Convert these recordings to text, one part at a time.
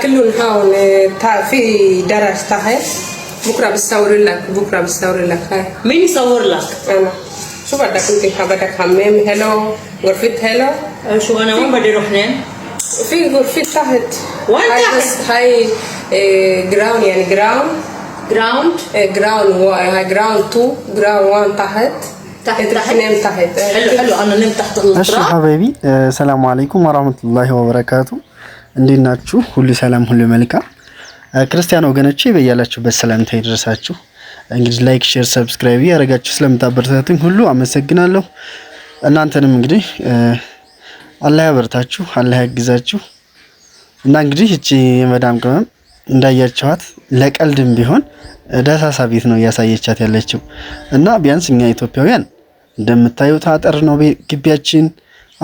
كلهم هون في درس تاعي بكره بصور لك بكره بصور لك هاي مين يصور لك؟ انا شو بدك انت بدك حمام هلو غرفه هلو أه، شو انا وين بدي روح نام؟ في غرفه تحت وين تحت؟ هاي جراوند إيه، يعني جراوند جراوند جراوند هاي جراوند 2 جراوند 1 تحت تحت إيه، تحت نام تحت حلو حلو انا نمت تحت التراب حبايبي أه، السلام عليكم ورحمه الله وبركاته እንዴት ናችሁ? ሁሉ ሰላም፣ ሁሉ መልካም። ክርስቲያን ወገኖቼ በያላችሁበት ሰላምታ ይደረሳችሁ። እንግዲህ ላይክ፣ ሼር፣ ሰብስክራይብ ያደረጋችሁ ስለምታበረታቱኝ ሁሉ አመሰግናለሁ። እናንተንም እንግዲህ አላህ ያበርታችሁ፣ አላህ ያግዛችሁ እና እንግዲህ እቺ የመዳም ቅመም እንዳያቸዋት ለቀልድም ቢሆን ደሳሳ ቤት ነው እያሳየቻት ያለችው እና ቢያንስ እኛ ኢትዮጵያውያን እንደምታዩት አጠር ነው ግቢያችን።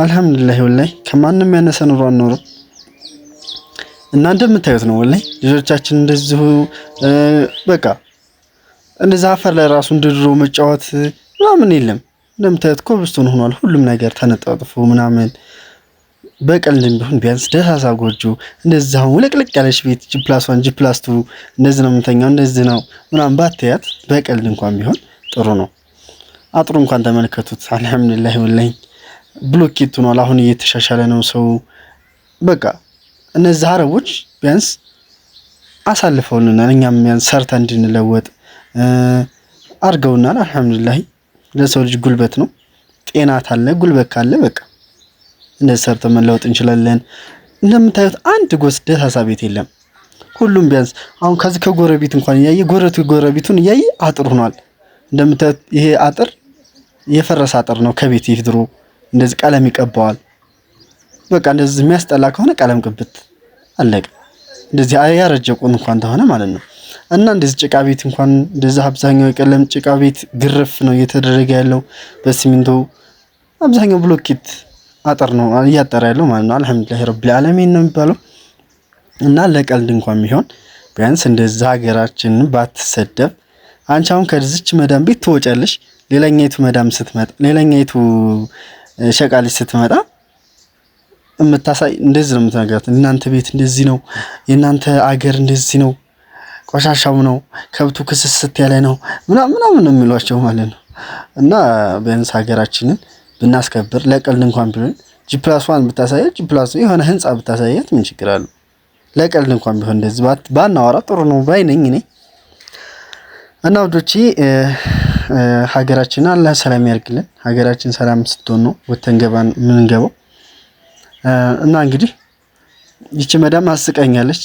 አልሐምዱሊላህ ወላይ ከማንም ያነሰ ኑሮ አንኖርም። እናንተ የምታዩት ነው ወላሂ ልጆቻችን እንደዚሁ በቃ እንደዛ አፈር ላይ ራሱ እንደድሮ መጫወት ምናምን የለም። እንደምታዩት ኮብልስቶን ሆኗል ሁሉም ነገር ተነጣጥፎ ምናምን በቀልድ ቢሆን ቢያንስ ደሳሳ ጎጆ እንደዚህ አሁን ውልቅልቅ ያለች ቤት ጅፕላስ ዋን ጅፕላስ ቱ እንደዚህ ነው የምንተኛው እንደዚህ ነው ምናምን ባትያት በቀልድ እንኳን ቢሆን ጥሩ ነው። አጥሩ እንኳን ተመልከቱት። አልሐምዱሊላህ ወላሂ ብሎኬት ሆኗል አሁን እየተሻሻለ ነው ሰው በቃ እነዚህ አረቦች ቢያንስ አሳልፈውልናል። እኛም ቢያንስ ሰርተ እንድንለወጥ አድርገውናል። አልሐምዱሊላህ ለሰው ልጅ ጉልበት ነው። ጤና ታለ ጉልበት ካለ በቃ እንደዚህ ሰርተ መለወጥ እንችላለን። እንደምታዩት አንድ ጎስ ደሳሳ ቤት የለም። ሁሉም ቢያንስ አሁን ከዚህ ከጎረቤት እንኳን እያየ ጎረቱ ጎረቤቱን እያየ አጥር ሆኗል። እንደምታዩት ይሄ አጥር የፈረሰ አጥር ነው። ከቤት ይህ ድሮ እንደዚህ ቀለም ይቀባዋል። በቃ እንደዚህ የሚያስጠላ ከሆነ ቀለም ቅብት አለቀ። እንደዚህ ያረጀ ቁም እንኳን ተሆነ ማለት ነው። እና እንደዚህ ጭቃ ቤት እንኳን እንደዚህ አብዛኛው የቀለም ጭቃ ቤት ግርፍ ነው እየተደረገ ያለው በሲሚንቶ አብዛኛው ብሎኬት አጥር ነው እያጠረ ያለው ማለት ነው። አልሐምዱሊላህ ረብል ዓለሚን ነው የሚባለው። እና ለቀልድ እንኳን ቢሆን ቢያንስ እንደዛ ሀገራችንን ባትሰደብ። አንቺ አሁን ከዚች መዳም ቤት ትወጫለሽ። ሌላኛይቱ መዳም ስትመጣ ሌላኛይቱ ሸቃሊት ስትመጣ የምታሳይ እንደዚህ ነው የምትነግራት። እናንተ ቤት እንደዚህ ነው፣ የእናንተ አገር እንደዚህ ነው፣ ቆሻሻው ነው፣ ከብቱ ክስስት ያለ ነው ምናምን ነው የሚሏቸው ማለት ነው። እና ቢያንስ ሀገራችንን ብናስከብር ለቀልድ እንኳን ቢሆን ጂፕላስ ዋን ብታሳያት ጂፕላስ የሆነ ህንፃ ብታሳያት ምን ችግር አለው? ለቀልድ እንኳን ቢሆን እንደዚህ ባናወራ ጥሩ ነው ባይ ነኝ እኔ እና ውዶቼ ሀገራችን አላህ ሰላም ያርግልን። ሀገራችን ሰላም ስትሆን ነው ወተንገባን ምንገባው እና እንግዲህ ይቺ መዳም አስቀኛለች።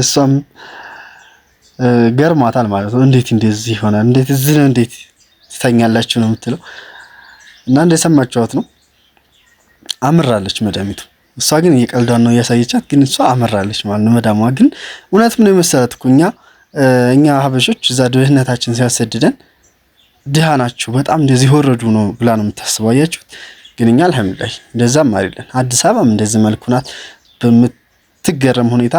እሷም ገርሟታል ማለት ነው። እንዴት እንደዚህ ሆነ? እንዴት እዚህ ነው? እንዴት ትተኛላችሁ ነው የምትለው። እና እንደሰማችኋት ነው አምራለች መዳሚቱ። እሷ ግን እየቀልዷን ነው እያሳየቻት፣ ግን እሷ አምራለች ማለት ነው። መዳሟ ግን እውነት ምን የመሰላት እኮ እኛ እኛ ሀበሾች እዛ ድህነታችን ሲያሰድደን ድሃ ናችሁ በጣም እንደዚህ ወረዱ ነው ብላ ነው የምታስበው። አያችሁት? ግን እኛ አልሐምዱሊላህ እንደዛም አይደለን። አዲስ አበባም እንደዚህ መልኩ ናት። በምትገረም ሁኔታ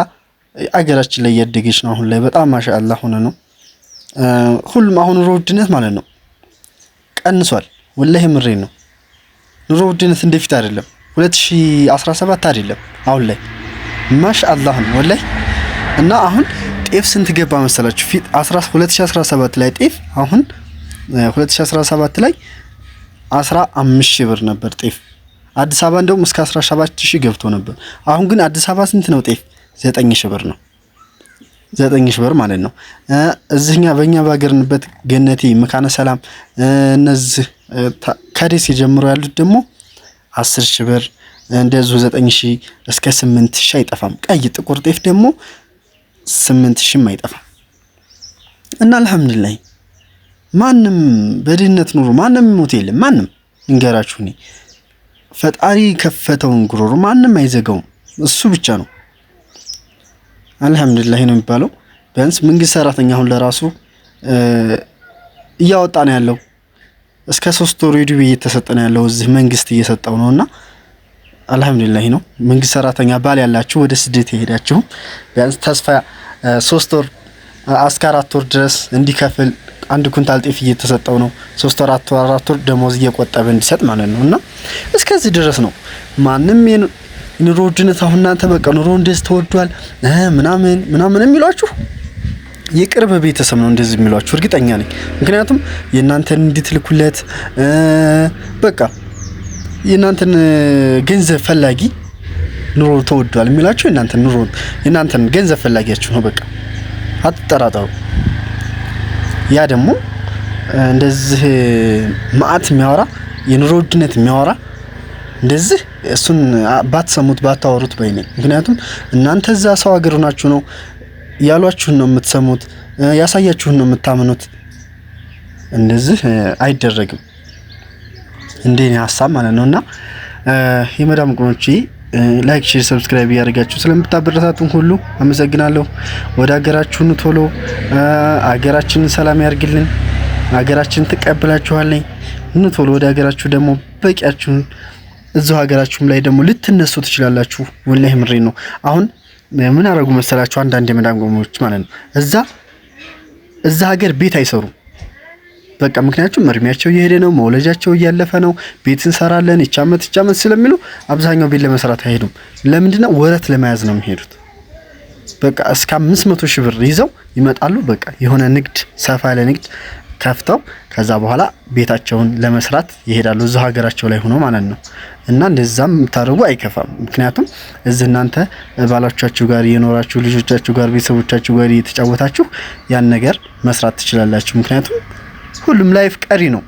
አገራችን ላይ እያደገች ነው። አሁን ላይ በጣም ማሻአላ ሆነ ነው። ሁሉም አሁን ኑሮ ውድነት ማለት ነው ቀንሷል። ወላሂ ምሬ ነው። ኑሮ ውድነት እንደፊት አይደለም። 2017 አይደለም አሁን ላይ ማሻአላ ነው ወላሂ እና አሁን ጤፍ ስንት ገባ መሰላችሁ? ፊት 2017 ላይ ጤፍ አሁን 2017 ላይ አስራ አምስት ሺህ ብር ነበር ጤፍ። አዲስ አበባ እንደውም እስከ 17 ሺህ ገብቶ ነበር። አሁን ግን አዲስ አበባ ስንት ነው ጤፍ? ዘጠኝ ሺህ ብር ነው። ዘጠኝ ሺህ ብር ማለት ነው። እዚህኛ በእኛ ባገርንበት ገነቴ፣ መካነ ሰላም እነዚህ ከደሴ ጀምሮ ያሉት ደግሞ አስር ሺህ ብር እንደዚሁ ዘጠኝ ሺህ እስከ ስምንት ሺህ አይጠፋም። ቀይ ጥቁር ጤፍ ደግሞ ስምንት ሺህም አይጠፋም እና አልሐምዱሊላህ ማንም በድህነት ኑሮ ማንም ሞት የለም። ማንም እንገራችሁ እኔ ፈጣሪ ከፈተውን ጉሮሮ ማንም አይዘጋውም። እሱ ብቻ ነው። አልሐምዱሊላህ ነው የሚባለው። ቢያንስ መንግስት ሰራተኛ አሁን ለራሱ እያወጣ ነው ያለው። እስከ ሶስት ወር ሬዲዮ እየተሰጠ ነው ያለው። እዚህ መንግስት እየሰጠው ነው እና አልሐምዱሊላህ ነው። መንግስት ሰራተኛ ባል ያላችሁ ወደ ስደት የሄዳችሁም ቢያንስ ተስፋ ሶስት ወር እስከ አራት ወር ድረስ እንዲከፍል አንድ ኩንታል ጤፍ እየተሰጠው ነው። ሶስት ወር አራት ወር አራት ወር ደሞዝ እየቆጠበ እንዲሰጥ ማለት ነው። እና እስከዚህ ድረስ ነው። ማንም የኑሮ ውድነት አሁን እናንተ በቃ ኑሮ እንደዚህ ተወዷል ምናምን ምናምን የሚሏችሁ የቅርብ ቤተሰብ ነው እንደዚህ የሚሏችሁ እርግጠኛ ነኝ። ምክንያቱም የእናንተን እንድትልኩለት በቃ የእናንተን ገንዘብ ፈላጊ ኑሮ ተወዷል የሚላችሁ የእናንተን ኑሮ የእናንተን ገንዘብ ፈላጊያችሁ ነው በቃ አትጠራጠሩ። ያ ደግሞ እንደዚህ ማአት የሚያወራ የኑሮ ውድነት የሚያወራ እንደዚህ እሱን ባትሰሙት ባታወሩት በይ ነኝ። ምክንያቱም እናንተ እዛ ሰው ሀገር ናችሁ ነው ያሏችሁን ነው የምትሰሙት፣ ያሳያችሁን ነው የምታምኑት። እንደዚህ አይደረግም፣ እንደኔ ሀሳብ ማለት ነው እና የመዳም ላይክ፣ ሼር፣ ሰብስክራይብ እያደረጋችሁ ስለምታበረታቱን ሁሉ አመሰግናለሁ። ወደ ሀገራችሁን ቶሎ ሀገራችንን ሰላም ያርግልን። ሀገራችን ትቀበላችኋለኝ። ኑ ቶሎ ወደ ሀገራችሁ ደግሞ በቂያችሁን እዚሁ ሀገራችሁም ላይ ደግሞ ልትነሱ ትችላላችሁ። ወላሂ ምሬ ነው። አሁን ምን አደረጉ መሰላችሁ? አንዳንድ የመዳም ጎሞች ማለት ነው እዛ እዛ ሀገር ቤት አይሰሩም በቃ ምክንያቱም እድሜያቸው እየሄደ ነው፣ መውለጃቸው እያለፈ ነው፣ ቤት እንሰራለን ይቻመት ይቻመት ስለሚሉ አብዛኛው ቤት ለመስራት አይሄዱም። ለምንድነው ወረት ለመያዝ ነው የሚሄዱት። በቃ እስከ 500 ሺህ ብር ይዘው ይመጣሉ። በቃ የሆነ ንግድ ሰፋ ያለ ንግድ ከፍተው ከዛ በኋላ ቤታቸውን ለመስራት ይሄዳሉ። እዛ ሀገራቸው ላይ ሆኖ ማለት ነው። እና እንደዛም የምታደርጉ አይከፋም። ምክንያቱም እዚህ እናንተ ባሎቻችሁ ጋር እየኖራችሁ ልጆቻችሁ ጋር ቤተሰቦቻችሁ ጋር እየተጫወታችሁ ያን ነገር መስራት ትችላላችሁ። ምክንያቱም ሁሉም ላይፍ ቀሪ ነው።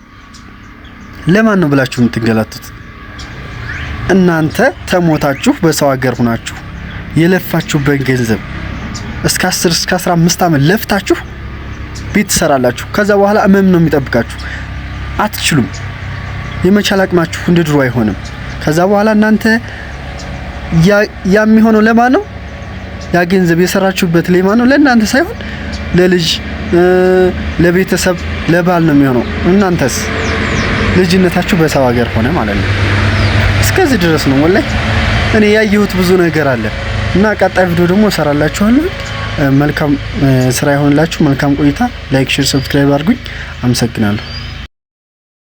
ለማን ነው ብላችሁ የምትንገላቱት? እናንተ ተሞታችሁ በሰው ሀገር ሁናችሁ የለፋችሁበት ገንዘብ እስከ 10 እስከ 15 ዓመት ለፍታችሁ ቤት ትሰራላችሁ። ከዛ በኋላ እመም ነው የሚጠብቃችሁ። አትችሉም። የመቻል አቅማችሁ እንደ ድሮ አይሆንም። ከዛ በኋላ እናንተ ያ የሚሆነው ለማን ነው? ያ ገንዘብ የሰራችሁበት ለማን ነው? ለእናንተ ሳይሆን ለልጅ ለቤተሰብ ለባል ነው የሚሆነው። እናንተስ ልጅነታችሁ በሰው ሀገር ሆነ ማለት ነው። እስከዚህ ድረስ ነው ወላሂ እኔ ያየሁት ብዙ ነገር አለ እና ቀጣይ ቪዲዮ ደግሞ እሰራላችኋለሁ። መልካም ስራ ይሆንላችሁ። መልካም ቆይታ። ላይክ፣ ሼር፣ ሰብስክራይብ አድርጉኝ። አመሰግናለሁ።